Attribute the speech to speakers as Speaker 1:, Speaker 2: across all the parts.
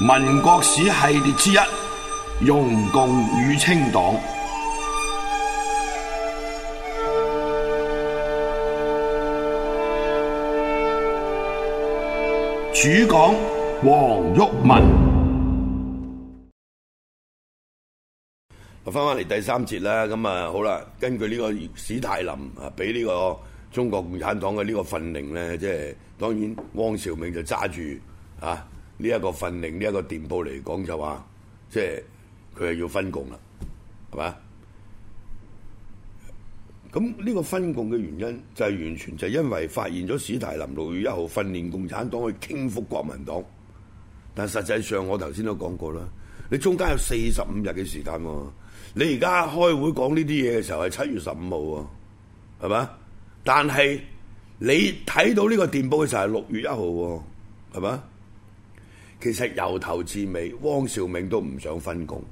Speaker 1: 民國史系列之一，容共與清黨，主講黃毓民。翻翻嚟第三節啦，咁啊好啦，根據呢個史泰林啊，俾呢個中國共產黨嘅呢個訓令咧，即係當然汪兆銘就揸住啊。呢一個訓令呢一個電報嚟講就話，是，即係佢係要分共啦，係嘛？咁呢個分共嘅原因就係完全就係因為發現咗史達林六月一號訓練共產黨去傾覆國民黨。但實際上我頭先都講過啦，你中間有四十五日嘅時間喎。你而家開會講呢啲嘢嘅時候係七月十五號喎，係嘛？但係你睇到呢個電報嘅時候係六月一號喎，係嘛？其實由頭至尾，汪兆銘都唔想分共，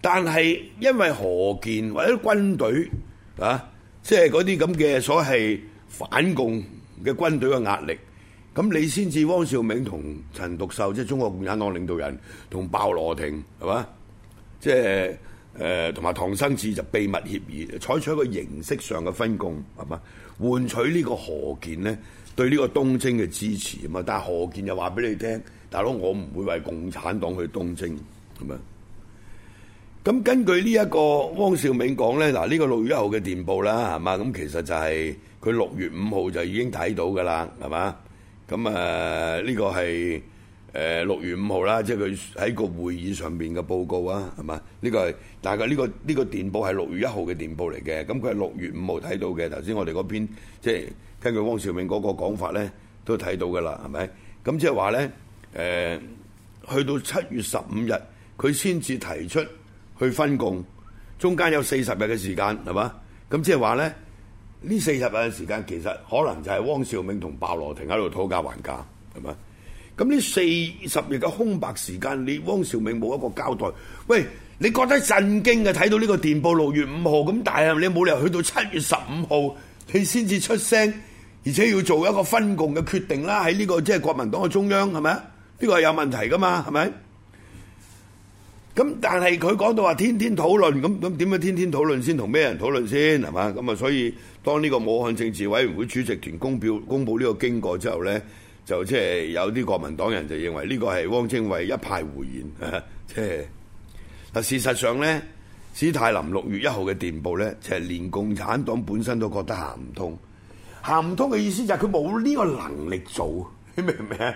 Speaker 1: 但係因為何健或者軍隊啊，即係嗰啲咁嘅所謂反共嘅軍隊嘅壓力，咁你先至汪兆銘同陳獨秀，即係中國共產黨領導人同鮑羅廷，係嘛，即係誒同埋唐生智就秘密協議，採取一個形式上嘅分共，係嘛，換取呢個何健呢？對呢個東征嘅支持啊嘛，但係何健又話俾你聽，大佬我唔會為共產黨去東征咁啊。咁根據呢一個汪兆銘講咧，嗱、這、呢個六月一號嘅電報啦，係嘛？咁其實就係佢六月五號就已經睇到噶啦，係嘛？咁啊呢個係。誒六、呃、月五號啦，即係佢喺個會議上面嘅報告啊，係嘛？呢、這個係，大概呢個呢、這個電報係六月一號嘅電報嚟嘅，咁佢係六月五號睇到嘅。頭先我哋嗰邊，即係根據汪兆銘嗰個講法咧，都睇到㗎啦，係咪？咁即係話咧，誒、呃、去到七月十五日，佢先至提出去分共，中間有四十日嘅時間，係嘛？咁即係話咧，呢四十日嘅時間其實可能就係汪兆銘同鮑羅廷喺度討價還價，係咪？咁呢四十日嘅空白時間，你汪兆銘冇一個交代。喂，你覺得震驚嘅睇到呢個電報六月五號咁，但係你冇理由去到七月十五號，你先至出聲，而且要做一個分共嘅決定啦。喺呢、這個即係國民黨嘅中央係咪呢？呢個有問題噶嘛？係咪？咁但係佢講到話天天討論，咁咁點樣天天討論先？同咩人討論先係嘛？咁啊，所以當呢個武漢政治委員會主席團公表公佈呢個經過之後呢。就即係有啲國民黨人就認為呢個係汪精衛一派胡言，即係嗱事實上咧，史泰林六月一號嘅電報咧，就係、是、連共產黨本身都覺得行唔通，行唔通嘅意思就係佢冇呢個能力做，你明唔明啊？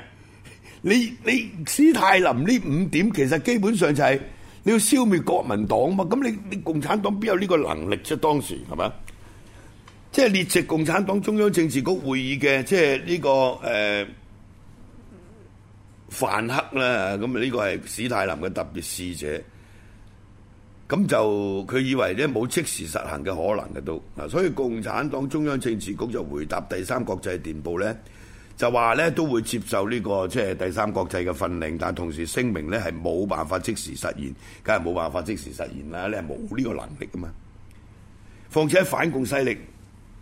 Speaker 1: 你你史泰林呢五點其實基本上就係你要消滅國民黨嘛，咁你你共產黨邊有呢個能力啫？當時係咪？即係列席共產黨中央政治局會議嘅，即係呢、這個誒、呃、範克啦，咁啊呢個係史太林嘅特別使者，咁就佢以為咧冇即時實行嘅可能嘅都，啊所以共產黨中央政治局就回答第三國際電報咧，就話咧都會接受呢、這個即係第三國際嘅訓令，但同時聲明咧係冇辦法即時實現，梗係冇辦法即時實現啦，你係冇呢個能力噶嘛，況且反共勢力，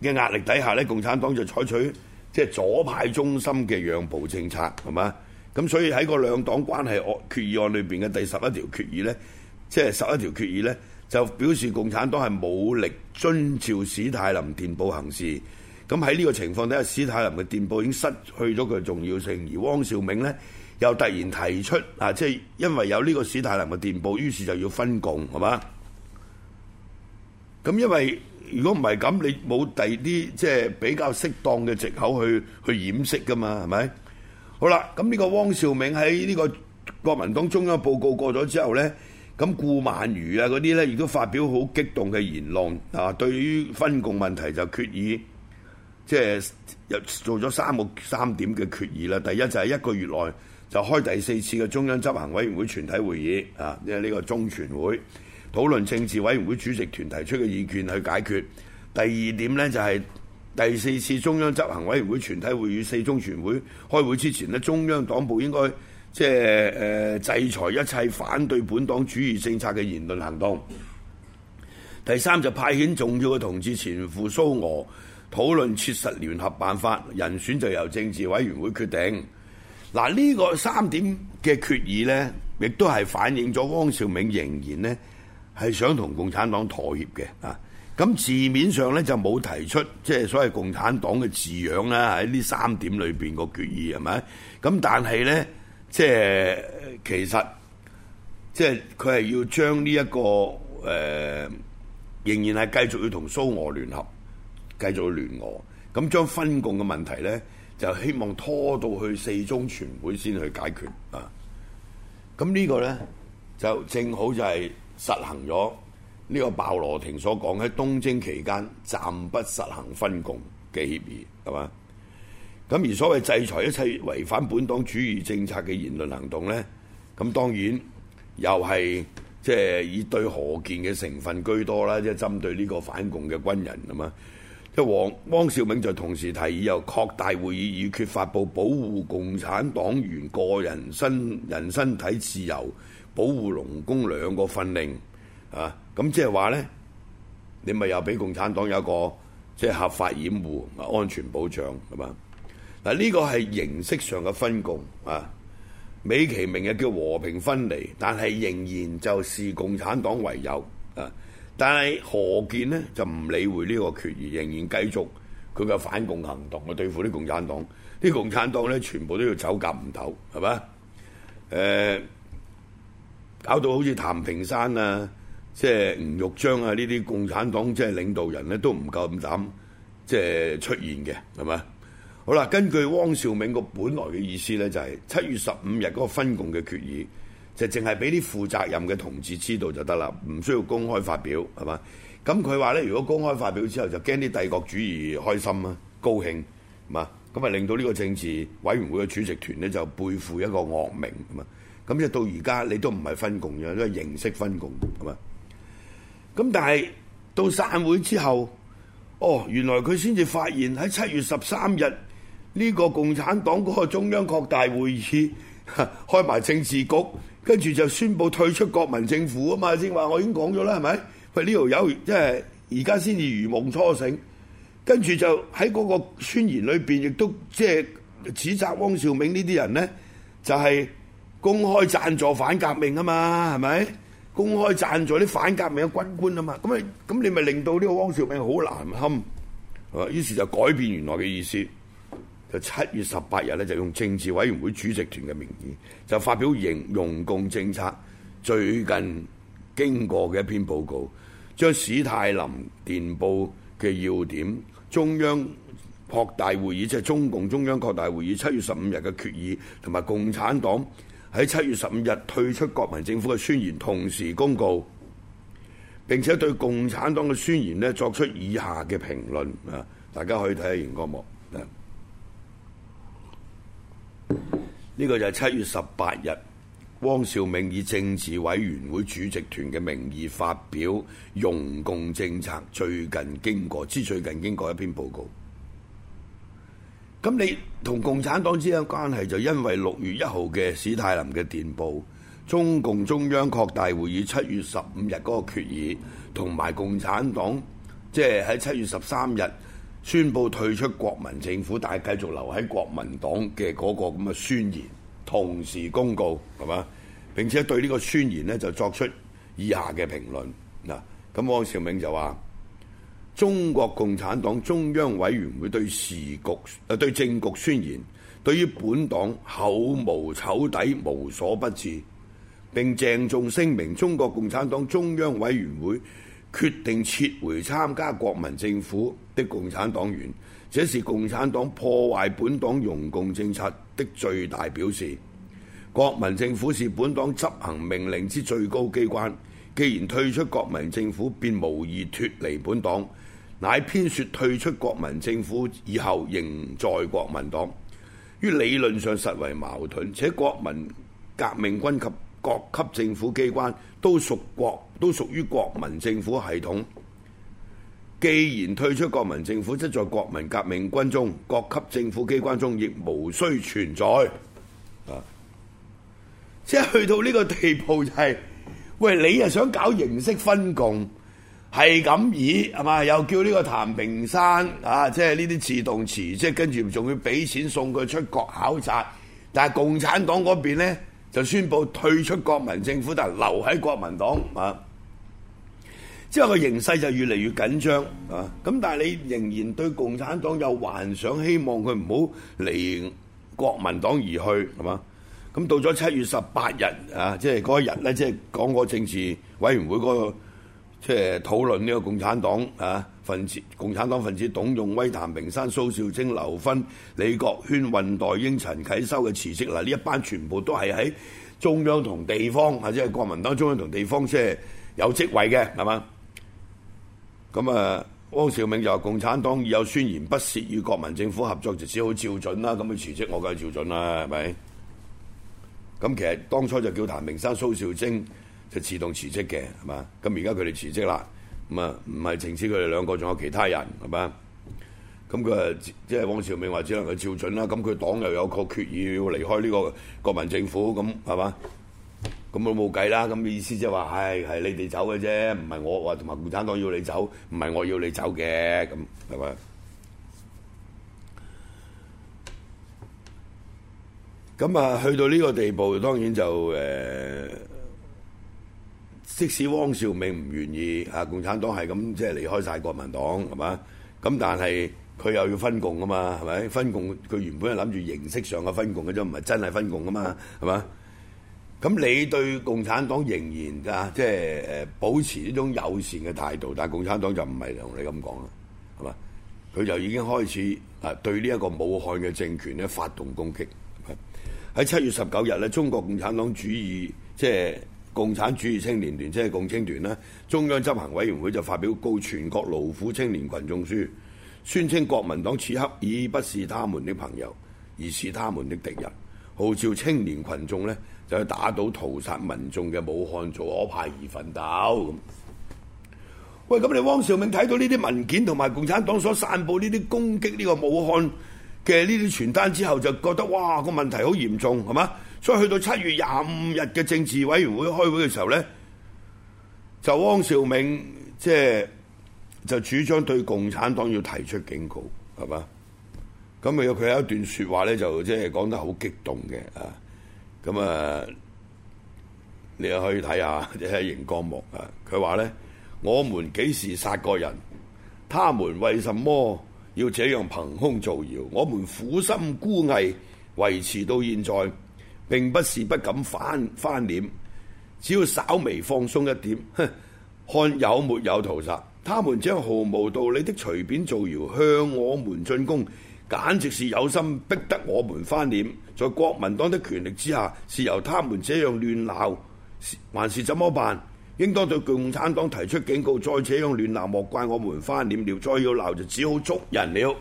Speaker 1: 嘅壓力底下咧，共產黨就採取即係左派中心嘅讓步政策，係嘛？咁所以喺個兩黨關係決議案裏邊嘅第十一條決議呢，即係十一條決議呢，就表示共產黨係冇力遵照史太林電報行事。咁喺呢個情況底下，史太林嘅電報已經失去咗佢重要性，而汪兆銘呢又突然提出啊，即係因為有呢個史太林嘅電報，於是就要分共，係嘛？咁因為如果唔係咁，你冇第二啲即係比較適當嘅藉口去去掩飾噶嘛，係咪？好啦，咁呢個汪兆銘喺呢個國民黨中央報告過咗之後呢，咁顧孟餘啊嗰啲呢，亦都發表好激動嘅言論啊，對於分共問題就決議，即係又做咗三個三點嘅決議啦。第一就係一個月內就開第四次嘅中央執行委員會全體會議啊，因為呢個中全會。討論政治委員會主席團提出嘅意見去解決。第二點呢，就係第四次中央執行委員會全體會議四中全會開會之前呢，中央黨部應該即係制裁一切反對本黨主義政策嘅言論行動。第三就派遣重要嘅同志前赴蘇俄討論切實聯合辦法，人選就由政治委員會決定。嗱，呢個三點嘅決議呢，亦都係反映咗汪兆銘仍然呢係想同共產黨妥協嘅啊！咁字面上咧就冇提出即係所謂共產黨嘅字樣啦，喺呢三點裏邊個決議係咪？咁但係咧，即係其實即係佢係要將呢、這、一個誒、呃，仍然係繼續要同蘇俄聯合，繼續去聯俄。咁將分共嘅問題咧，就希望拖到去四中全會先去解決啊！咁呢個咧就正好就係、是。實行咗呢個鮑羅廷所講喺東征期間暫不實行分共嘅協議，係嘛？咁而所謂制裁一切違反本黨主義政策嘅言論行動呢，咁當然又係即係以對何健嘅成分居多啦，即係針對呢個反共嘅軍人啊嘛。即王汪兆銘就同時提議又擴大會議議決發布保護共產黨員個人身人身體自由。保護農工兩個分令啊，咁即係話咧，你咪又俾共產黨有一個即係合法掩護安全保障係嘛？嗱，呢個係形式上嘅分共啊，美其名曰叫和平分離，但係仍然就視共產黨為有啊，但係何建呢，就唔理會呢個決議，仍然繼續佢嘅反共行動去對付啲共產黨，啲共產黨咧全部都要走夾唔唞係嘛？搞到好似譚平山啊、即係吳玉章啊呢啲共產黨即係領導人咧都唔夠咁膽，即係出現嘅係嘛？好啦，根據汪兆銘個本來嘅意思咧，就係七月十五日嗰個分共嘅決議，就淨係俾啲負責任嘅同志知道就得啦，唔需要公開發表係嘛？咁佢話咧，如果公開發表之後就驚啲帝國主義開心啊、高興係嘛，咁啊令到呢個政治委員會嘅主席團咧就背負一個惡名係嘛？咁就到而家，你都唔係分共嘅，都係形式分共，係嘛？咁但係到散會之後，哦，原來佢先至發現喺七月十三日呢個共產黨嗰個中央擴大會議開埋政治局，跟住就宣布退出國民政府啊嘛，先話我已經講咗啦，係咪？喂，呢條友即係而家先至如夢初醒，跟住就喺嗰個宣言裏邊亦都即係指責汪兆銘呢啲人呢，就係。公開贊助反革命啊嘛，係咪？公開贊助啲反革命嘅軍官啊嘛，咁啊，咁你咪令到呢個汪兆銘好難堪，啊！於是就改變原來嘅意思，就七月十八日咧，就用政治委員會主席團嘅名義，就發表形容共政策最近經過嘅一篇報告，將史太林電報嘅要點、中央擴大會議即係、就是、中共中央擴大會議七月十五日嘅決議同埋共產黨。喺七月十五日退出國民政府嘅宣言，同時公告，並且對共產黨嘅宣言作出以下嘅評論。啊！大家可以睇下螢光幕呢、呢個就係七月十八日，汪兆銘以政治委員會主席團嘅名義發表容共政策最近經過之最近經過一篇報告。咁你同共產黨之間關係就因為六月一號嘅史泰林嘅電報中共中央擴大會議七月十五日嗰個決議，同埋共產黨即係喺七月十三日宣布退出國民政府，但係繼續留喺國民黨嘅嗰個咁嘅宣言，同時公告係嘛？並且對呢個宣言呢就作出以下嘅評論嗱，咁汪兆銘就話。中國共產黨中央委員會對時局啊，對政局宣言，對於本黨口無醜底，無所不至。並鄭重聲明：中國共產黨中央委員會決定撤回參加國民政府的共產黨員，這是共產黨破壞本黨容共政策的最大表示。國民政府是本黨執行命令之最高機關，既然退出國民政府，便無意脱離本黨。乃偏說退出國民政府以後仍在國民黨，於理論上實為矛盾。且國民革命軍及各級政府機關都屬國，都屬於國民政府系統。既然退出國民政府，則在國民革命軍中、各級政府機關中亦無需存在。啊，即係去到呢個地步，就是，就係喂，你啊想搞形式分共。係咁以，係嘛？又叫呢個譚平山啊，即係呢啲自動辭職，即係跟住仲要俾錢送佢出國考察。但係共產黨嗰邊呢，就宣布退出國民政府，但係留喺國民黨啊。之後個形勢就越嚟越緊張啊！咁但係你仍然對共產黨有幻想，希望佢唔好離國民黨而去，係嘛？咁到咗七月十八日啊，即係嗰一日呢，即係講過政治委員會嗰個。即係討論呢個共產黨啊份子，共產黨分子董用威、譚明山、蘇兆徵、劉芬、李國軒、韻代英、陳啓修嘅辭職。嗱，呢一班全部都係喺中央同地方，或者係國民黨中央同地方，即係有職位嘅，係嘛？咁啊，汪兆銘就話共產黨已有宣言，不屑與國民政府合作，就只好照準啦。咁佢辭職，我梗係照準啦，係咪？咁其實當初就叫譚明山、蘇兆徵。就自動辭職嘅係嘛？咁而家佢哋辭職啦，咁啊唔係淨係佢哋兩個，仲有其他人係嘛？咁佢啊即係汪兆銘話只能夠照準啦。咁佢黨又有個決議要離開呢個國民政府，咁係嘛？咁都冇計啦。咁嘅意思即係話，係係你哋走嘅啫，唔係我話同埋共產黨要你走，唔係我要你走嘅，咁係咪？咁啊，去到呢個地步，當然就誒。呃即使汪兆銘唔願意嚇，共產黨係咁即係離開晒國民黨係嘛？咁但係佢又要分共啊嘛？係咪？分共佢原本係諗住形式上嘅分共嘅啫，唔係真係分共啊嘛？係嘛？咁你對共產黨仍然啊，即係誒保持呢種友善嘅態度，但係共產黨就唔係同你咁講啦，係嘛？佢就已經開始啊對呢一個武漢嘅政權咧發動攻擊，喺七月十九日咧，中國共產黨主義即係。就是共產主義青年團即係共青團啦，中央執行委員會就發表《告全國勞苦青年群眾書》，宣稱國民黨此刻已不是他們的朋友，而是他們的敵人，號召青年群眾呢就去打倒屠殺民眾嘅武漢組左派而奮鬥。喂，咁你汪兆銘睇到呢啲文件同埋共產黨所散佈呢啲攻擊呢個武漢嘅呢啲傳單之後，就覺得哇、個問題好嚴重，係嘛？所以去到七月廿五日嘅政治委員會開會嘅時候咧，就汪兆銘即係就主張對共產黨要提出警告，係嘛？咁咪佢有一段說話咧，就即係講得好激動嘅啊！咁啊，你又可以睇下即係熒光幕啊！佢話咧：我們幾時殺過人？他們為什麼要這樣憑空造謠？我們苦心孤詣維持到現在。並不是不敢翻翻臉，只要稍微放鬆一點，哼，看有沒有屠殺。他們這樣毫無道理的隨便造謠向我們進攻，簡直是有心逼得我們翻臉。在國民黨的權力之下，是由他們這樣亂鬧，還是怎麼辦？應當對共產黨提出警告，再這樣亂鬧莫怪我們翻臉了。要再要鬧就只好捉人了。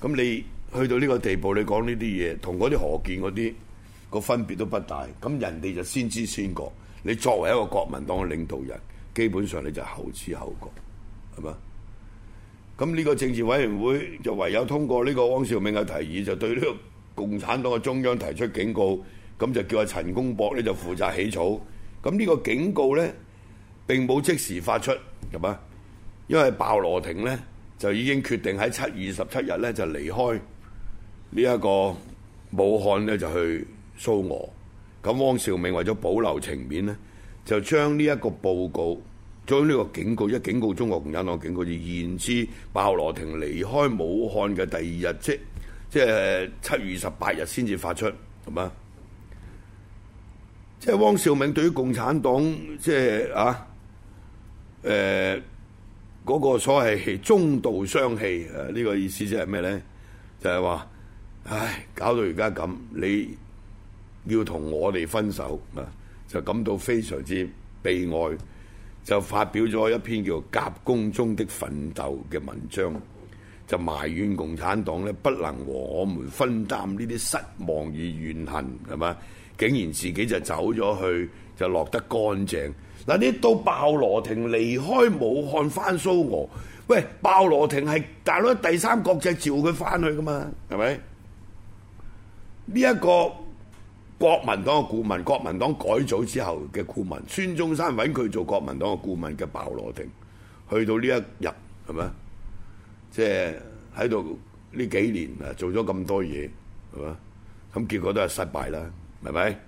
Speaker 1: 咁你？去到呢個地步，你講呢啲嘢，同嗰啲何鍵嗰啲個分別都不大。咁人哋就先知先覺，你作為一個國民黨嘅領導人，基本上你就後知後覺，係嘛？咁呢個政治委員會就唯有通過呢個汪兆銘嘅提議，就對呢個共產黨嘅中央提出警告。咁就叫阿陳公博，你就負責起草。咁呢個警告呢，並冇即時發出，係嘛？因為鮑羅廷呢，就已經決定喺七月十七日呢就離開。呢一個武漢呢，就去蘇俄，咁汪兆銘為咗保留情面呢，就將呢一個報告，將呢個警告，一警告中國共產黨警告就延至鮑羅廷離開武漢嘅第二，即即日，即即係七月二十八日先至發出，係咪啊？即係汪兆銘對於共產黨即係啊，誒、那、嗰個所謂中道傷氣呢個意思即係咩呢？就係、是、話。唉，搞到而家咁，你要同我哋分手啊，就感到非常之悲哀，就發表咗一篇叫《夾攻中的奮鬥》嘅文章，就埋怨共產黨呢不能和我們分擔呢啲失望與怨恨，係嘛？竟然自己就走咗去，就落得乾淨。嗱，呢度鮑羅廷離開武漢翻蘇俄，喂，鮑羅廷係大佬第三國際召佢翻去噶嘛，係咪？呢一個國民黨嘅顧問，國民黨改組之後嘅顧問，孫中山揾佢做國民黨嘅顧問嘅鮑羅廷，去到呢一日係咪？即係喺度呢幾年啊，做咗咁多嘢係嘛，咁結果都係失敗啦，係咪？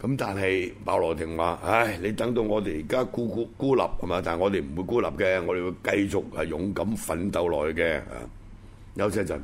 Speaker 1: 咁但係鮑羅廷話：唉，你等到我哋而家孤孤孤立係嘛，但係我哋唔會孤立嘅，我哋會繼續係勇敢奮鬥落去嘅。休息一陣。